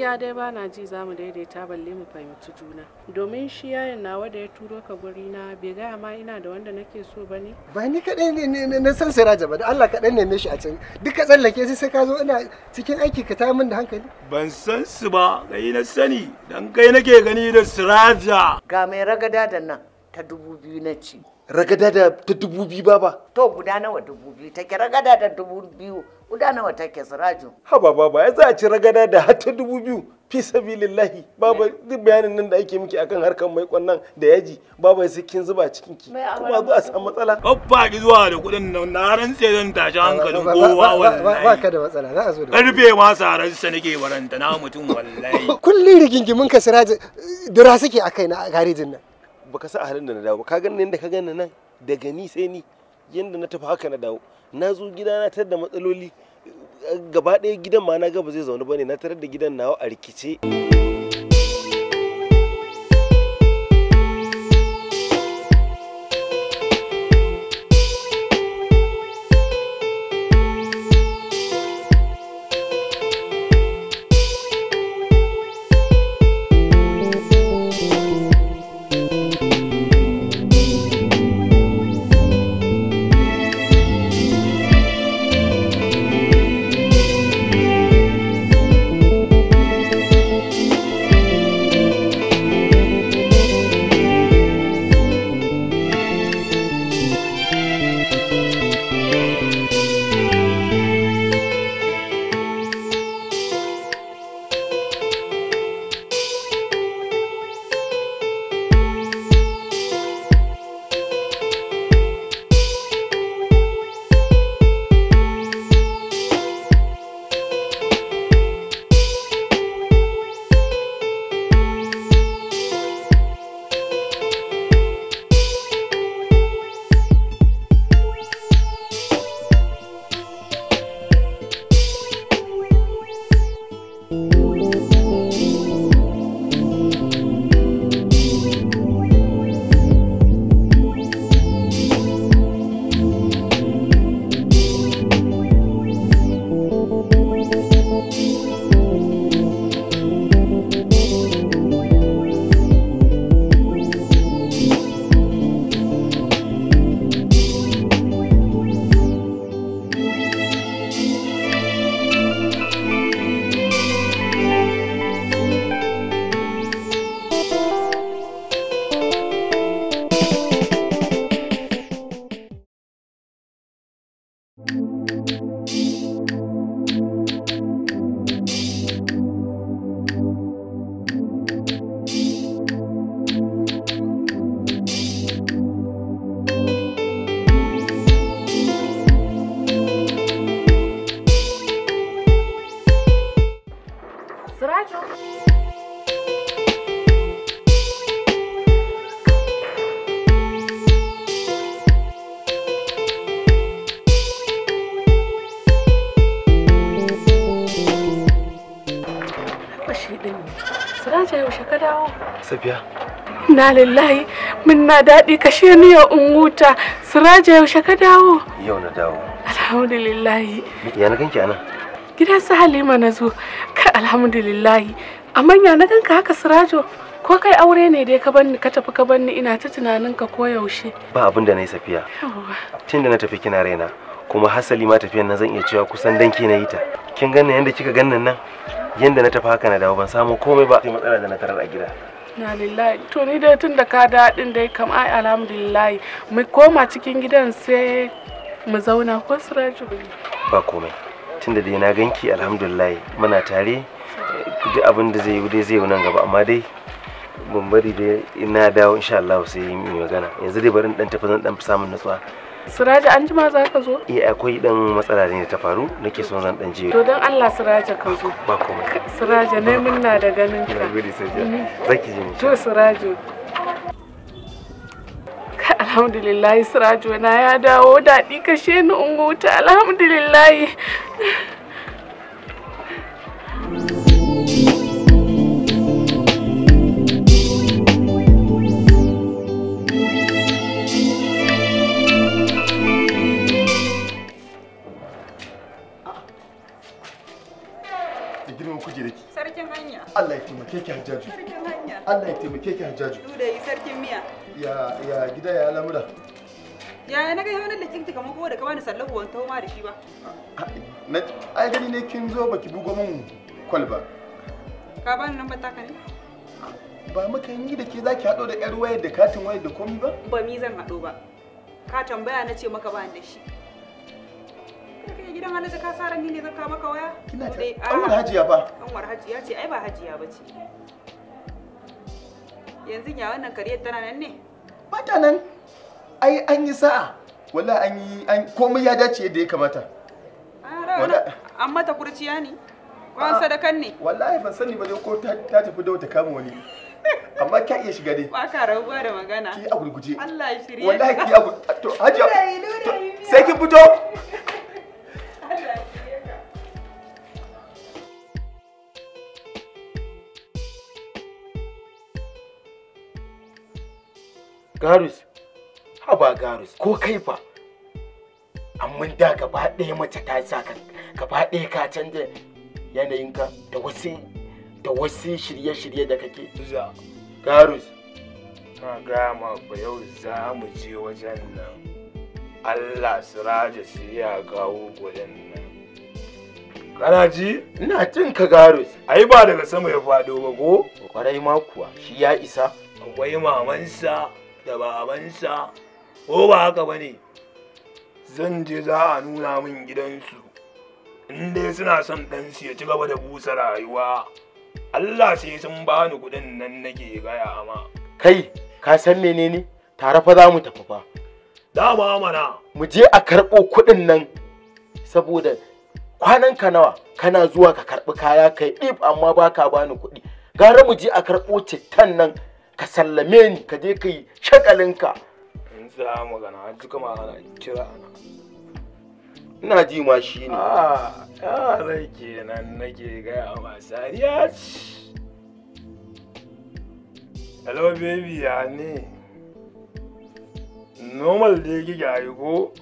gaskiya dai ba na ji za mu daidaita balle mu fahimci juna domin shi yayin nawa da ya turo ka guri na bai gaya ma ina da wanda nake so ba ne ba ni kaɗai ne na san raja ba da Allah kaɗai ne shi a can duk ka tsallake sai ka zo ina cikin aiki ka tayar min da hankali ban san su ba kai na sani dan kai nake gani da siraja ga mai ragada da nan ta dubu biyu na ci ragada da ta dubu biyu ba ba. To guda nawa dubu biyu take ragada da dubu biyu guda nawa take siraju. Haba baba ya za a ci ragada da har ta dubu biyu fi lillahi. baba duk bayanin nan da ake miki akan harkar mai kwannan da yaji baba sai kin zuba cikin ki kuma zuwa a samu matsala. Babba ki zuwa da kuɗin nan na rantse zan tashi hankalin kowa wallahi. Ba ka da matsala za a zo da. Karfe ma sarar nake baranta na mutum wallahi. Kullum rigingimin ka siraju dira suke a kai na garejin nan. baka sa halin da na dawo ka gani yadda ka gani nan daga ni sai ni yadda na tafi haka na dawo na zo gida na tar da matsaloli gaba ɗaya gidan ma na ga ba zai zaune bane na tarar da gidan nawa a rikice Thank you. inna lillahi minna daɗi kashe ni ya unguta siraja yaushe ka dawo yau na dawo alhamdulillahi ya na ganki ana gidan su halima na zo kai alhamdulillahi amma ya na ganka haka sirajo ko kai aure ne dai ka banni ka tafi ka banni ina ta tunanin ka ko yaushe ba abin da na yi safiya tinda na tafi kina raina kuma hasali ma tafiyan nan zan iya cewa kusan danki na yi ta kin ganna yanda kika gannan nan yanda na tafi haka na dawo ban samu komai ba sai matsala da na tarar a gida na lillahi to ni dai tun da ka daɗin dai kam ai alhamdulillah mu koma cikin gidan sai mu zauna ko siraju ba komai tun da dai na ganki alhamdulillah muna tare duk abin da zai yi dai zai yi nan gaba amma dai ban bari dai ina dawo insha Allah sai yi magana yanzu dai bari dan tafi zan dan samun natsuwa Siraji an jima za ka zo? Eh akwai dan matsala ne ta faru nake son zan dan je. To dan Allah Siraji ka zo. Ba komai. Siraji ne munna da ganin ka. Na gode Sajiya. Zaki ji ni. To Siraji. Alhamdulillah Siraji na ya dawo daɗi kashe ni unguta. alhamdulillah. ke ki hajjaju du da yi sarkin miya ya ya gida ya lamura ya na ga yawanin da kin mako da kama da sallahu ban tauma da shi ba ai gani ne kin zo baki bugo min kwalba ka bani lambar ka ne ba mukan yi da ke za ki haɗo da ƴar wayar da katin wayar da komi ba ba mi zan haɗo ba ka tambaya na ce maka ba da shi gidan alhaji ka sa ran ni ne zan kawo maka waya kina ta hajiya ba kanwar hajiya ce ai ba hajiya ba ce yanzu ya wannan kariyar tana nan ne bata nan ai an yi sa'a wala an yi an komai ya dace yadda ya kamata ah, an mata kurciya ne kwan ah. sadakan ne wallahi ban sani ba ko ta tafi da wata kama wani amma ka iya shiga dai ba ka rabuwa da magana ki a gurguje Allah ya wallahi ki a to hajiya sai ki fito Garus, haba Garus, ko kai fa. Amma da gaba ɗaya mace ta sa ka gaba ɗaya ka canja yanayinka da wasu da wasu shirye-shirye da kake. Garus, na gama ba yau za mu je wajen nan. Allah siraja su ya gawo gurin nan. Kana ji? Ina jin ka garus. Ai ba daga sama ya faɗo ba ko? Kwarai ma kuwa, shi ya isa. Akwai mamansa. da babansa ko ba haka ba ne zan je za a nuna min gidansu in dai suna son ɗansu ya ci gaba da busa rayuwa Allah sai sun bani kuɗin nan nake gaya ma kai ka san menene tare fa za mu tafi fa dama mana mu je a karɓo kuɗin nan saboda kwanan ka nawa kana zuwa ka karɓi kaya kai ɗif amma baka bani kuɗi gara mu je a karɓo cittan nan ka sallame ni ka je ka yi shakalinka in za magana a duka ana kira ana ina ji ma shi ne a ah, yara kenan nake gaya a sariya hello baby ya ne normal da ki ga ko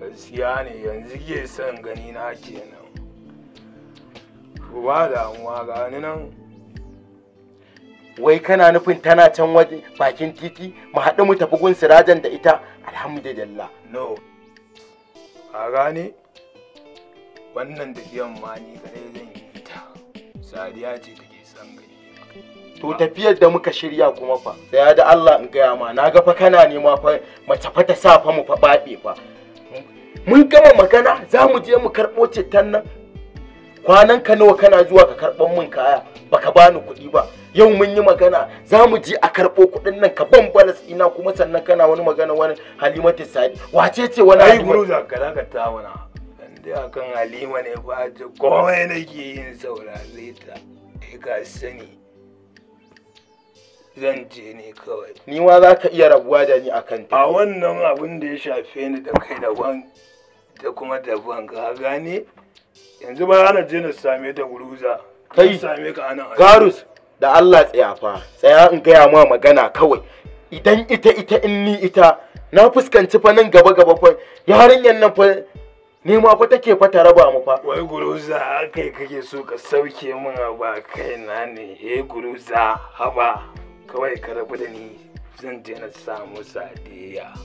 gaskiya ne yanzu ke son gani na kenan ba damuwa gani nan wai kana nufin tana can waje bakin titi mu haɗu mu tafi gun sirajan da ita alhamdulillah no a gane wannan da ma ni gare zan yi ta sariya ce take son gani to tafiyar da muka shirya kuma fa da ya da Allah in gaya ma na ga fa kana nema fa mace fa ta sa fa mu fa babe fa mun gama magana za mu je mu karɓo cittan nan kwanan ka nawa kana zuwa ka karɓan min kaya baka bani kuɗi ba yau mun yi magana za mu je a karɓo kuɗin nan ka ban balas ina kuma sannan kana wani magana wani halimatu sadi wace ce wani ai guru za ka ka ta wani dai akan halima ne fa ji komai nake yin saurare ta kai ka sani zan je ne kawai ni ma za ka iya rabuwa da ni akan ta a wannan abin da ya shafe ni da kai wan da kuma ban ka gane yanzu ba na je na same da guruza kai same ka anan garus da Allah tsayafa fa tsaya in gaya ma magana kawai idan ita ita in ni ita na fuskanci fa nan gaba gaba fa yarinyar nan fa ni ma fa take fa ta raba mu fa wai guruza kai kake so ka sauke min ba kai na ne he eh guruza haba kawai ka rabu da ni zan je na samu sadiya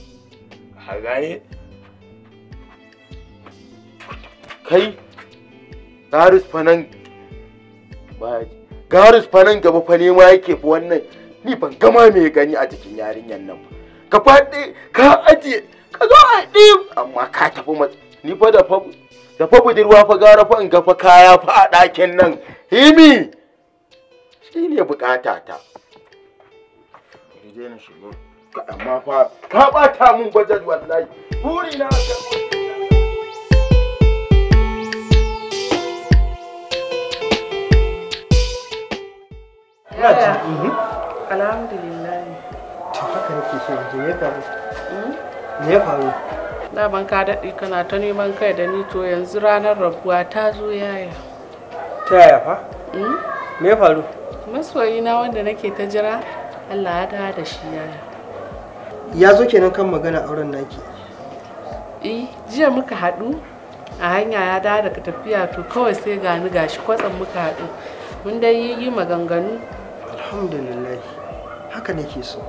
ha gane kai fa nan garis fa nan gaba fa nema yake fa wannan ni ban gama me gani a jikin yarinyar nan ba ka faɗi ka ajiye ka zo a ɗi amma ka tafi mat ni fa da fa da fa budurwa fa gara fa in ga kaya fa a ɗakin nan himi ne bukata ta amma fa ka ɓata mun bajet wallahi burina ka ina eh. mhm. alhamdulillah haka nake so ya faru me ya faru hmm? ka kana ta neman kai da ni to yanzu ranar rabuwa ta zo yaya ta yaya fa hmm? me ya faru wanda nake ta jira Allah ya da da shi yaya ya zo kenan kan magana auren naki eh jiya muka haɗu a hanya ya dawo daga tafiya to kawai sai gani gashi kwatsan muka haɗu mun dai yi maganganu alhamdulillah haka nake so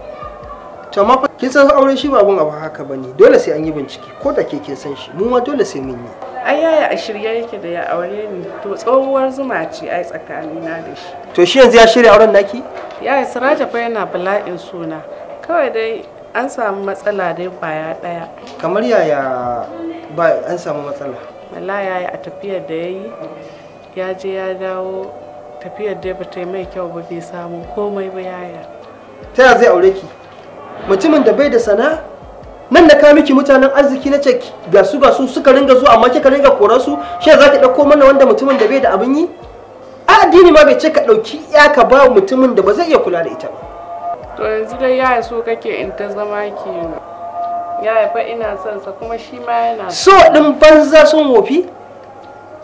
to amma fa kin san aure shi ba abu haka bane dole sai an yi bincike ko da ke kin san shi mu ma dole sai mun yi ai yaya a shirye yake da ya aure ni to tsohuwar zuma ce ai tsakanina da shi to shi yanzu ya shirya auren naki yaya siraja fa yana bala'in suna kawai dai an samu matsala dai baya daya kamar yaya ba an samu matsala wallahi yaya a tafiyar da yayi ya je ya dawo tafiyar da ba ta yi mai kyau ba bai samu komai ba yaya ta yaya zai aure ki mutumin da bai da sana'a nan da ka miki mutanen arziki na ce ga su ga su suka ringa zuwa amma kika ringa koran su shi za ki dauko mana wanda mutumin da bai da abin yi a addini ma bai ce ka dauki ya ka ba mutumin da ba zai iya kula da ita ba to yanzu dai yaya so kake in ta zama ki yaya fa ina son sa kuma shi ma yana so din banza sun wofi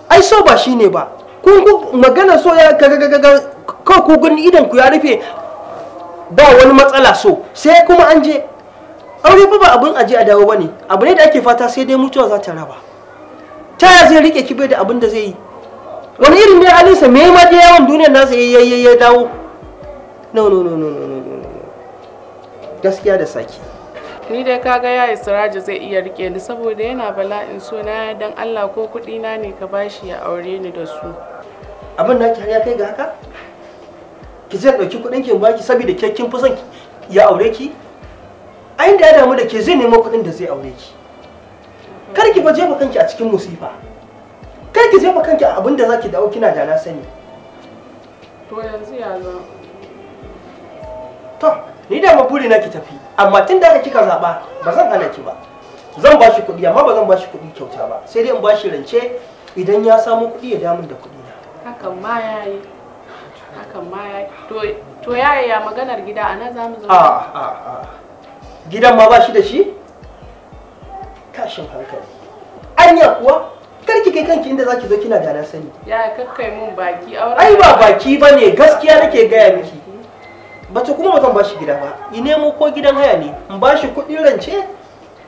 ai so ba shine ba kuku magana so ya kaga kawai ku gani idan ku ya rufe ba wani matsala so sai kuma an je aure ba abin aje a dawo bane abu ne da ake fata sai dai mutuwa za ta raba ta ya zai rike kibe da abin da zai yi wani irin ne halinsa me ma da yawan duniyar na ya ya ya dawo no no no no no no gaskiya da saki ni dai kaga yayi siraji zai iya rike ni saboda yana bala'in so na dan Allah ko kuɗi na ne ka bashi ya aure ni da su abin da har ya kai ga haka ki zai ɗauki kuɗin ki baki saboda ke kin fi ya aure ki a inda ya damu da ke zai nemo kuɗin da zai aure ki kar ki fa jefa kanki a cikin musifa kar ki jefa kanki a abin da zaki dawo kina da na sani to ni da ma buri na ki tafi amma tun da kika zaba ba zan hana ki ba zan ba shi kuɗi amma ba zan ba shi kuɗi kyauta ba sai dai in ba shi rance idan ya samu kuɗi ya damun da kuɗi hakan ma ya yi hakan ma ya yi to maganar gida a nan za mu zama gidan ma ba shi da shi kashin hankali anya kuwa kar ki kai kanki inda zaki zo kina da na sani ya kakkai mun baki auren ai ba baki bane gaskiya nake gaya miki bata kuma ba bashi gida ba i nemo ko gidan haya ne in bashi kuɗin rance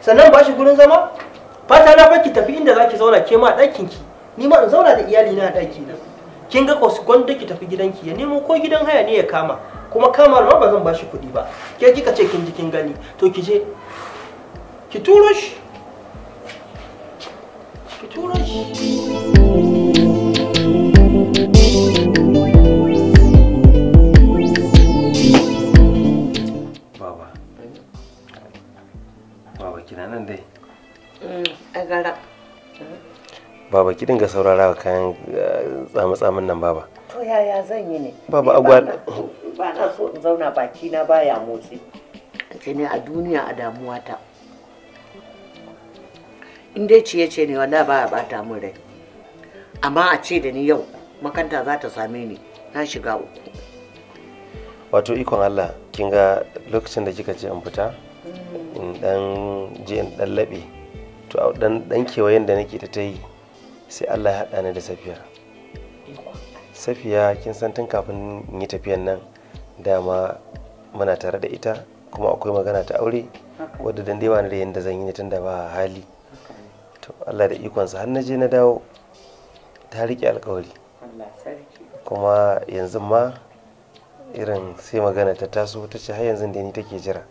sannan bashi gurin zama fata na fa ki tafi inda zaki zauna ke ma ɗakin ki ni ma in zauna da iyali na ɗaki na kin ga kwasu gwanda ki tafi gidanki ya nemo ko gidan haya ne ya kama kuma kamar ma ba zan ba shi kuɗi ba ke kika ce kin ji kin gani to ki je ki turo shi ki turo shi Baba. Baba kina nan dai. Mm, a gara. baba ki dinga saurara kayan eh, tsamin nan baba to yaya zan yi ne baba agwa ba na so in zauna baki na baya motsi ce ne a duniya a damuwa ta in dai ciye ce ne wanda ba bata min rai amma a ce da ni yau makanta za ta same ni na shiga uku wato ikon Allah kin ga lokacin da kika ce in fita in dan je in dan labe to dan dan kewayen da nake ta ta yi sai Allah ya haɗa ni da safiya safiya kin san tun kafin in yi tafiyan nan dama muna tare da ita kuma akwai magana ta aure wadda dan dai wani da yadda zan yi tun da ba hali to Allah da ikonsa har na je na dawo ta riƙe alƙawari kuma yanzu ma irin sai magana ta taso ta ce har yanzu da ni take jira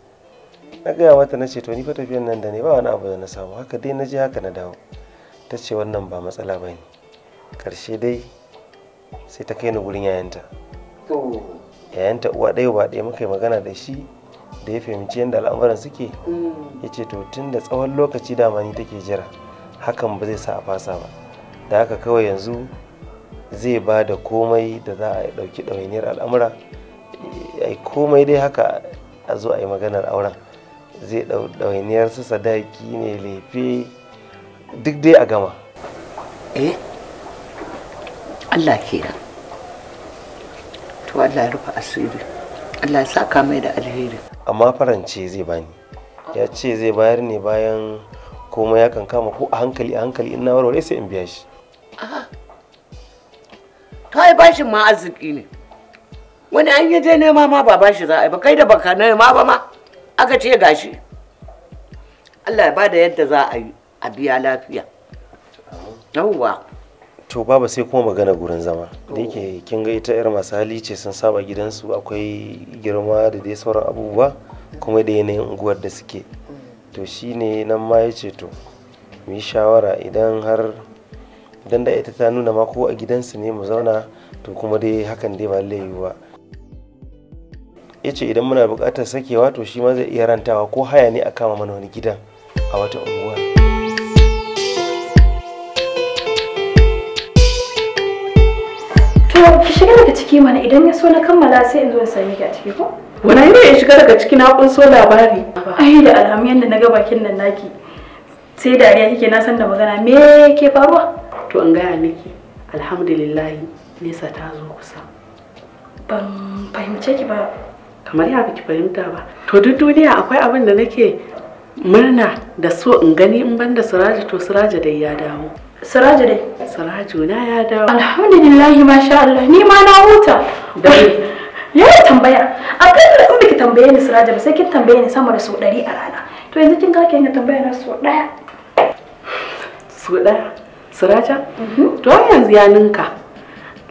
na gaya mata na ce to ni fa tafiyan nan da ne ba wani abu da na samu haka dai na je haka na dawo ta ce wannan ba matsala ba ne ƙarshe dai sai ta kai ni wurin yayanta yayanta uwa ɗaya ba ɗaya muka yi magana da shi da ya fahimci yadda al'amuran suke mm. ya ce to tun da tsawon lokaci dama ni take jira hakan ba zai sa a fasa ba da haka kawai yanzu zai ba da komai da za a ɗauki ɗawainiyar al'amura ai komai dai haka a zo a yi maganar auren zai ɗawainiyar su sadaki ne lefe duk dai a gama eh Allah kenan to Allah ya rufe asiri Allah ya saka mai da alheri amma farance zai bani ya ce zai bayar ne bayan komai ya kankama, ko a hankali a hankali in na warware sai in biya shi to ai bashin ma arziki ne wani an yi je nema ma ba bashi za a yi ba kai da baka nema ba ma aka ce gashi Allah ya bada yadda za a yi a biya lafiya yawwa to baba sai kuma magana gurin zama da yake kin ga ita irin masu hali ce sun saba gidansu akwai girma da dai sauran abubuwa kuma da yanayin unguwar da suke to shine nan ma ya ce to mu shawara idan har idan da ita ta nuna ma ko a gidansu ne mu zauna to kuma dai hakan dai ba lallai ba yace idan muna buƙatar sakewa to shi ma zai iya rantawa ko haya ne a kama mana wani gidan a wata unguwa To ki shiga daga ciki mana idan ya so na kammala sai in zo in same ki a ciki ko? Wani ne ya shiga daga ciki na kunso labari. Ai da alhamu yanda na ga bakin nan naki. Sai dariya kike na san da magana me ke faruwa? To an gaya miki alhamdulillah nesa ta zo kusa. Ban fahimce ki ba. Kamar ya biki fahimta ba. To duk duniya akwai abin da nake murna da so in gani in ban banda Siraji to Siraji dai ya dawo. Siraju dai. Siraju na ya dawo. Alhamdulillahi masha Allah ni ma na huta. Dai. Ya tambaya. A kan in biki tambaye ni Siraju ba sai kin tambaye ni sama da sau ɗari a rana. To yanzu kin ga kin tambaya na sau ɗaya. Sau ɗaya. Siraja? Mhm. To yanzu ya ninka.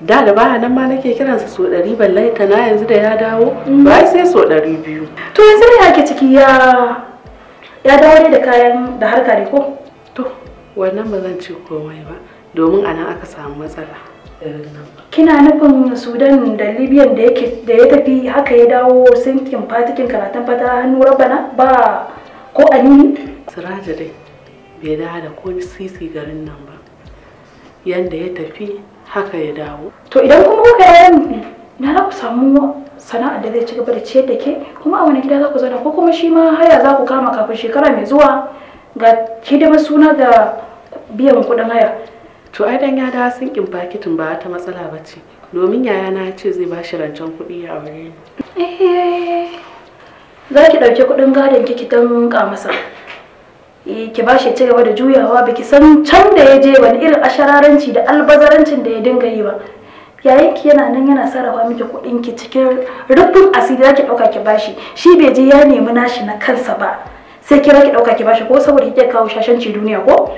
Da da ba nan ma nake kiran sau ɗari ballai ta na yanzu da ya dawo. Mhm. Ba sai sau ɗari biyu. To yanzu ne ya ke ciki ya ya dawo ne da kayan da harka ne ko? wannan ba zan ci komai ba domin a nan aka samu matsala kina nufin sudan da libyan da yake da ya tafi haka ya dawo sinkin fatikin karatun fata hannu rabana ba ko anini siraja dai bai dawo da ko sisi garin nan ba yanda ya tafi haka ya dawo to idan kuma kuka yi na za ku samu sana'ar da zai ci gaba da ciyar da ke kuma a wani gida za ku zauna ko kuma shi ma haya za ku kama kafin shekara mai zuwa ga hidimar suna ga biyan kudin haya to ai dan ya da sun kin fakitin ba ta matsala ba ce domin yaya na ce zai ba shi rancen kudi a wuri eh, za ki ɗauki kuɗin gadon ki ki danka masa eh, ki ba shi cigaba da juyawa biki san can da ya je wani irin ashararanci da albazarancin da ya dinga yi ba yayin ki yana nan yana sarrafa miki kuɗin ki cikin rubun asiri za ki ɗauka ki bashi shi bai je ya nemi nashi na kansa ba sai kira ki dauka ki bashi ko saboda kike kawo shashanci duniya ko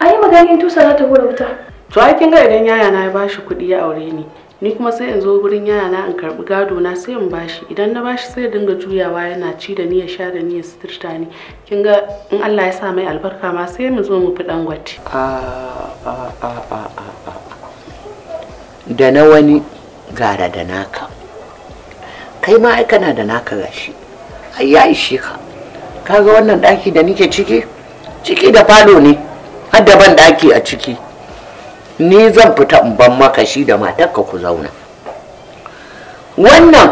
ai maganin tusa za ta hura wuta to ai kin ga idan yaya na ya bashi kuɗi ya aure ni ni kuma sai in zo gurin yaya na in karbi gado na sai in bashi idan na bashi sai dinga juyawa yana ci da ni ya sha da ni ya sitirta ni kin in Allah ya sa mai albarka ma sai mu zo mu fi dan gwati a a a a a da na wani gara da naka kai ma ai kana da naka gashi ai ya ishe ka kaga wannan daki da nike ciki ciki da falo ne har da ban daki a ciki ni zan fita in ban maka shi da matarka ku zauna wannan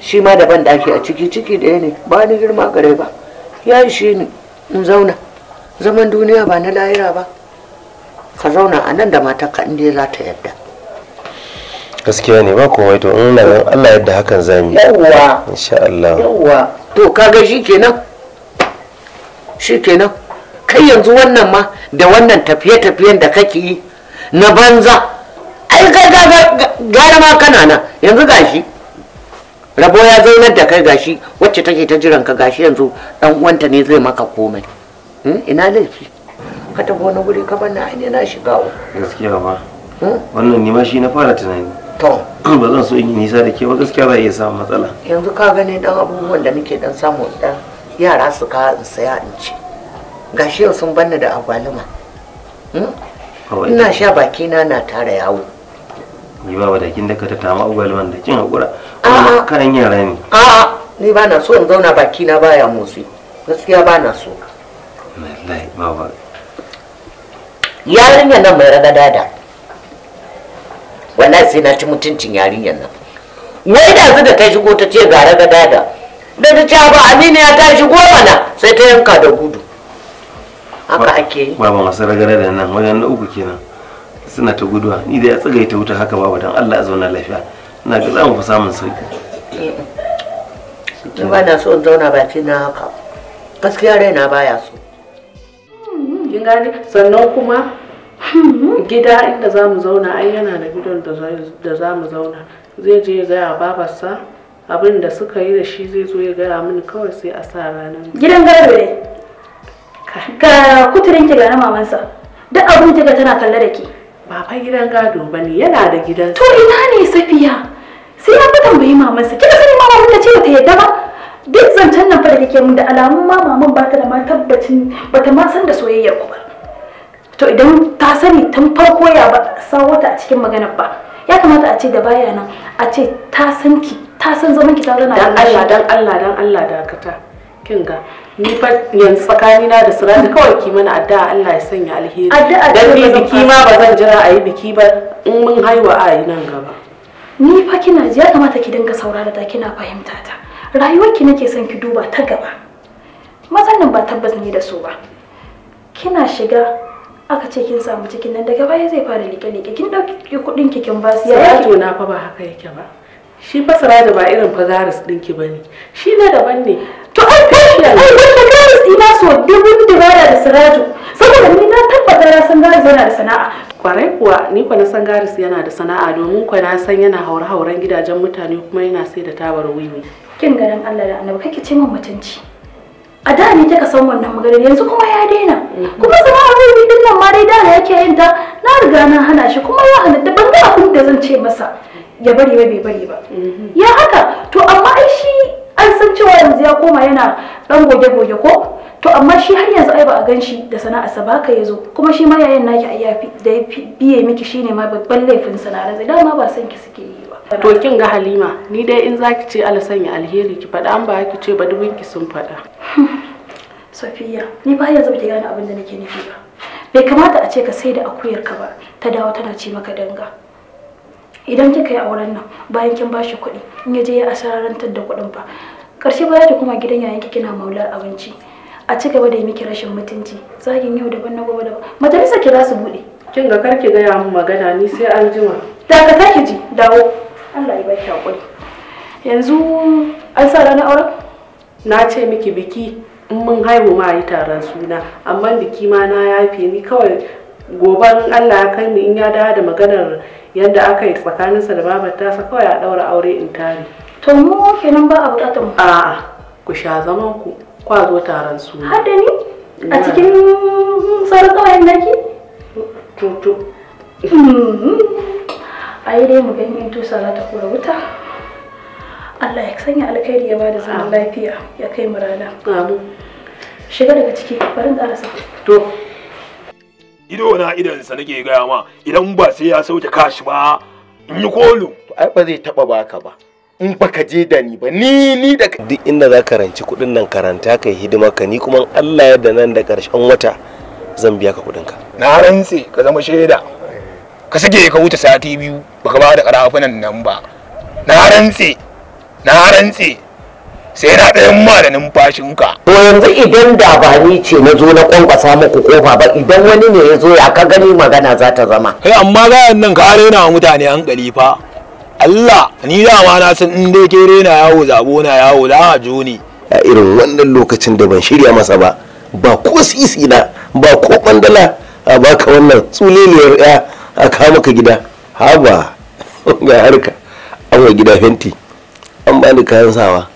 shi ma da ban daki a ciki ciki ɗaya ne ba ni girma gare ba ya shi ni in zauna zaman duniya ba na lahira ba ka zauna a nan da matarka in za ta yadda gaskiya ne ba komai to in nan Allah yadda hakan zami yawa insha Allah yawa to kaga shikenan shikenan kai yanzu wannan ma da wannan tafiye-tafiyen da kake yi na banza ai kai gara ma kana nan yanzu gashi rabo ya zaunar da kai gashi wacce take ta jiran ka gashi yanzu dan uwanta ne zai maka komai hmm? ina laifi ka tafi wani guri ka bana ne na shiga gaskiya ba hmm? wannan ne ma shi na fara tunani to ba zan so in yi nisa da ke ba gaskiya za iya samun matsala yanzu ka gani dan abubuwan da nake dan samu dan yara su ka in saya in ci gashi yau sun banni da agwaluma hmm? ina sha baki na na tara yawo ni ba badakin da ka ta tama agwaluman da kin hakura a'a kayan yara ne a'a ni ba na so in zauna baki na baya motsi gaskiya ba na so wallahi baba yarinya nan mai ragadada wallahi sai na ci mutuncin yarinyar nan wai da su da ta shigo ta ce gara ga dada da ta ce ba amina ya ta shigo mana sai ta yanka da gudu haka ake yi baba masu ragara da nan wajen na uku kenan suna ta guduwa ni da ya ta wuta haka ba, dan Allah ya zauna lafiya na ga za mu fi samun sauki ni ba na so in zauna baki na haka gaskiya raina baya so mm, kin gane sannan kuma gida inda za mu zauna ai yana da gidan da za mu zauna zai je ya gaya babarsa abin da suka yi da shi zai zo ya gaya mini kawai sai a sa ranar gidan gado ne ga kuturin ki ga na mamansa duk abin ki tana kalla da ke ba gidan gado ba ne yana da gidan to ina ne safiya sai ya bai mamansa kika sani mama ta ce ta yadda ba duk zancen nan fa da kike mun da alamun ma maman ba ta da ma tabbacin ba ta ma san da soyayyar ku ba to idan ta sani tun farko ya ba san wata a cikin maganar ba ya kamata a ce da baya nan a ce ta san ki ta san zaman ki ta zauna dan Allah dan Allah dan Allah dakata kin ga ni fa yanzu tsakani na da sirati kawai ki mana addu'a Allah ya sanya alheri dan ni biki ma ba zan jira a yi biki ba in mun haihuwa a yi nan gaba ni fa kina ji ya kamata ki dinga saurara ta kina fahimta ta rayuwarki nake son ki duba ta gaba mazan ba tabbas ne da su ba kina shiga aka ce kin samu cikin nan daga baya zai fara liƙe-liƙe kin dauki kudin ki kin basu ya yato na fa ba haka yake ba shi fa da ba irin fa fagaris din ba ne shi na daban ne to ai fashiya ai garis ina so dubu dubara da siraju saboda ni na tabbata na san garis yana da sana'a kwarai kuwa ni kwa na san garis yana da sana'a domin kwa na san yana haura hauren gidajen mutane kuma yana sai da tabar wiwi kin ganin Allah da Annabi kake ce min mutunci a da ni ta san wannan maganar yanzu kuma ya daina kuma sana'ar wuri din nan ma dai da yake yin ta na riga na hana shi kuma ya halatta ban ga abin da zan ce masa ya bari ba bai bari ba mm-hmm. ya haka to amma ai shi an san cewa yanzu ya koma yana dan goge-goge ko to amma shi har yanzu ai ba a gan shi da sana'a sabaka ya zo kuma shi ma yayin naki ai ya da biye miki shine ma babban laifin sana'a zai dama ba san ki suke yi to kin ga halima ni dai in zaki ce ala sanya alheri ki faɗa an ba ki ce ba dubin ki sun faɗa safiya ni ba yanzu ba ta gane abin da nake nufi ba bai kamata a ce ka sai da akuyar ka ba ta dawo tana ce maka danga idan kika yi auren nan bayan kin bashi kuɗi in ya je ya asararantar da kuɗin fa karshe ba za ta koma gidan yayin kina maular abinci a ci ba da yi miki rashin mutunci zagin yau daban na gobe daban majalisa ki za su buɗe kin ga karki gaya min magana ni sai an jima dakata ki ji dawo Allah ya baki hakuri yanzu an sa ranar auren na ce miki biki in mun haihu ma yi taron suna amma biki ma na yafe ni kawai goban Allah ya kai mu in ya dawo da maganar yadda aka yi tsakaninsa da babar tasa kawai a ɗaura aure in tare to mu kenan ba a buƙatar mu a'a ku sha zaman ku kwa zo taron suna har ni a cikin sauran ƙawayen naki to to hmm. a yi dai mu gani in tusa za ta kura wuta Allah ya sanya alkhairi ya bada zaman lafiya ya kai mu rana shiga daga ciki bari in ƙarasa to ido na idan sa nake gaya ma idan ba sai ya sauke kashi ba in yi kolu ba zai taba baka ba in baka je da ni ba ni ni da duk inda za ka ranci kudin nan karanta kai hidima ka ni kuma Allah ya da nan da karshen wata zan biya ka kudin ka na rantse ka zama shaida ka sake ka wuce sati biyu baka ba da karafunan nan ba na rantse na rantse sai na ɗayan ma da numfashinka. To yanzu idan da ba ni ce na zo na kwankwasa muku kofa ba idan wani ne ya zo ya ka gani magana za ta zama. Kai amma gayan nan ka rena wa mutane hankali fa. Allah ni dama na san in dai ke rena yawo zabo na yawo la ni! A irin wannan lokacin da ban shirya masa ba ba ko sisi na ba ko bandala a baka wannan tsuleliyar ya a kawo maka gida haba ga harka an yi gida fenti an bani kayan sawa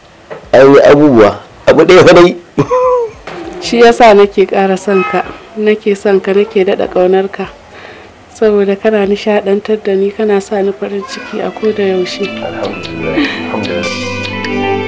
an yi abubuwa abu ɗaya fa dai shi yasa nake ƙara son ka nake son ka nake daɗa ƙaunar ka saboda kana nishaɗantar da ni kana sa ni farin ciki a koda yaushe alhamdulillah